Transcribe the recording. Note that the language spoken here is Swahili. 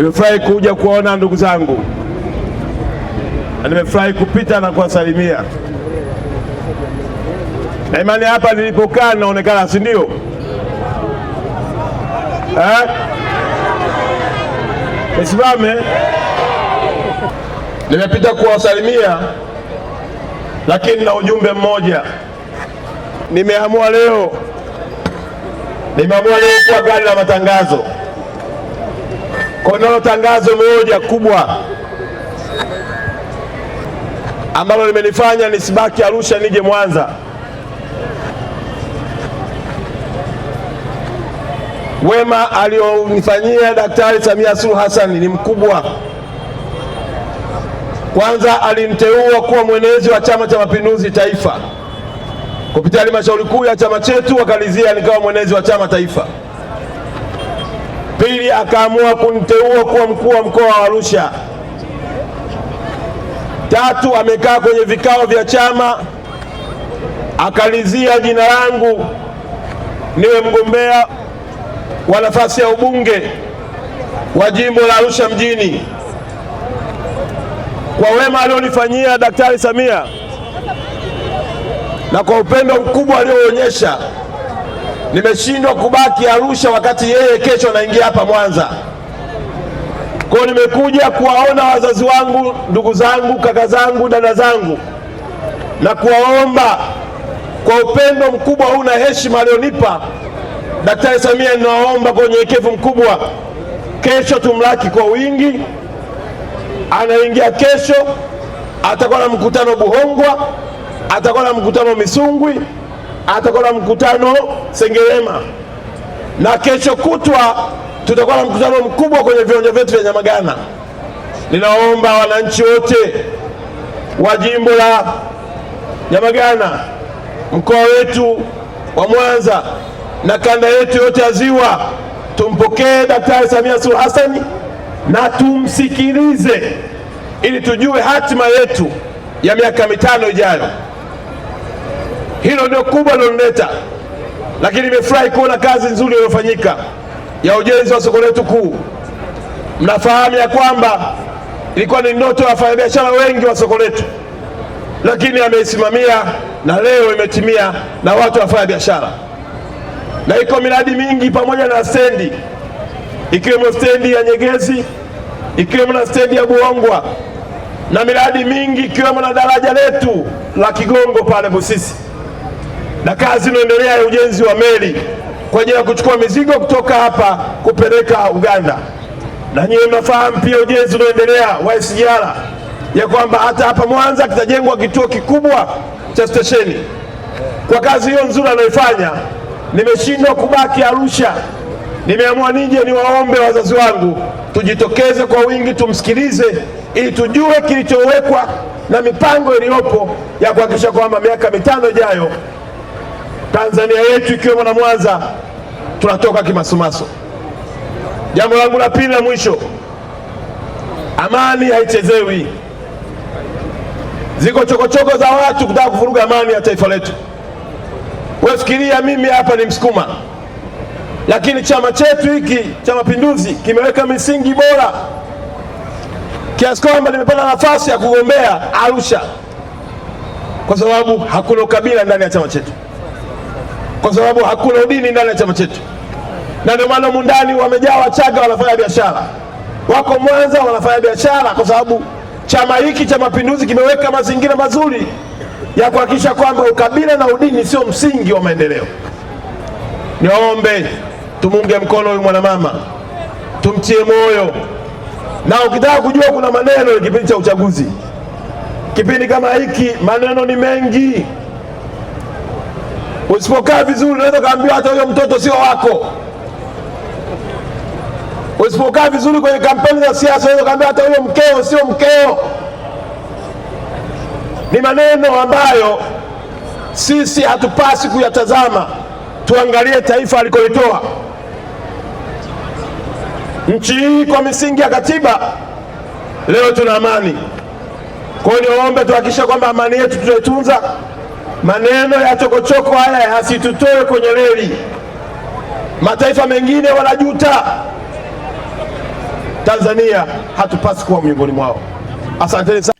Nimefurahi kuja kuona ndugu zangu na nimefurahi kupita na kuwasalimia, na imani hapa nilipokaa naonekana, si ndio eh? Nisimame. Nimepita kuwasalimia, lakini na ujumbe mmoja. Nimeamua leo, nimeamua leo kuwa gari la matangazo. Kunalo tangazo moja kubwa ambalo limenifanya nisibaki Arusha nije Mwanza. Wema alionifanyia Daktari Samia Suluhu Hassan ni mkubwa. Kwanza alimteua kuwa mwenezi wa Chama cha Mapinduzi Taifa kupitia halmashauri kuu ya chama chetu, wakalizia nikawa mwenezi wa chama taifa Pili, akaamua kuniteua kuwa mkuu wa mkoa wa Arusha. Tatu, amekaa kwenye vikao vya chama akalizia jina langu niwe mgombea wa nafasi ya ubunge wa jimbo la Arusha mjini. Kwa wema alionifanyia Daktari Samia na kwa upendo mkubwa alioonyesha nimeshindwa kubaki Arusha wakati yeye kesho anaingia hapa Mwanza. Kwa nimekuja kuwaona wazazi wangu, ndugu zangu, kaka zangu, dada zangu, na kuwaomba kwa upendo mkubwa huu na heshima alionipa Daktari Samia, ninaomba kwa unyenyekevu mkubwa, kesho tumlaki kwa wingi. Anaingia kesho, atakuwa na mkutano Buhongwa, atakuwa na mkutano Misungwi atakuwa na mkutano Sengerema, na kesho kutwa tutakuwa na mkutano mkubwa kwenye viwanja vyetu vya Nyamagana. Ninaomba wananchi wote wa jimbo la Nyamagana, mkoa wetu wa Mwanza na kanda yetu yote ya Ziwa, tumpokee Daktari Samia Suluhu Hassan na tumsikilize ili tujue hatima yetu ya miaka mitano ijayo. Hilo ndio kubwa lilonileta, lakini nimefurahi kuona kazi nzuri iliyofanyika ya ujenzi wa soko letu kuu. Mnafahamu ya kwamba ilikuwa ni ndoto ya wafanyabiashara wengi wa soko letu, lakini ameisimamia na leo imetimia na watu wafanya biashara, na iko miradi mingi pamoja na stendi, ikiwemo stendi ya Nyegezi, ikiwemo na stendi ya Buongwa na miradi mingi ikiwemo na daraja letu la Kigongo pale Busisi na kazi inaendelea ya ujenzi wa meli kwa ajili ya kuchukua mizigo kutoka hapa kupeleka Uganda. Na nyiwe mnafahamu pia ujenzi unaoendelea wa SGR ya kwamba hata hapa Mwanza kitajengwa kituo kikubwa cha stesheni. Kwa kazi hiyo nzuri anaifanya, nimeshindwa kubaki Arusha, nimeamua nije niwaombe wazazi wangu tujitokeze kwa wingi tumsikilize, ili tujue kilichowekwa na mipango iliyopo ya kuhakikisha kwamba miaka mitano ijayo Tanzania yetu ikiwemo na Mwanza tunatoka kimasumaso. Jambo langu la pili la mwisho, amani haichezewi. Ziko chokochoko za watu kutaka kuvuruga amani ya taifa letu. Wewe mimi hapa ni Msukuma, lakini chama chetu hiki cha Mapinduzi kimeweka misingi bora kiasi kwamba nimepata nafasi ya kugombea Arusha kwa sababu hakuna ukabila ndani ya chama chetu kwa sababu hakuna udini ndani ya chama chetu, na ndio maana mundani wamejaa Wachaga wanafanya biashara, wako Mwanza wanafanya biashara, kwa sababu chama hiki cha Mapinduzi kimeweka mazingira mazuri ya kuhakikisha kwamba ukabila na udini sio msingi wa maendeleo. Niombe tumunge mkono huyu mwanamama, tumtie moyo, na ukitaka kujua kuna maneno ya kipindi cha uchaguzi. Kipindi kama hiki maneno ni mengi. Usipokaa vizuri, unaweza kaambiwa hata huyo mtoto sio wako. Usipokaa vizuri kwenye kampeni za siasa, unaweza kaambiwa hata huyo mkeo sio mkeo. Ni maneno ambayo sisi hatupasi kuyatazama. Tuangalie taifa alikolitoa nchi hii kwa misingi ya katiba. Leo tuna amani, kwa hiyo niwaombe tuhakikishe kwamba amani yetu tunaitunza. Maneno ya chokochoko haya yasitutoe kwenye reli. Mataifa mengine wanajuta, Tanzania hatupasi kuwa miongoni mwao. Asanteni sana.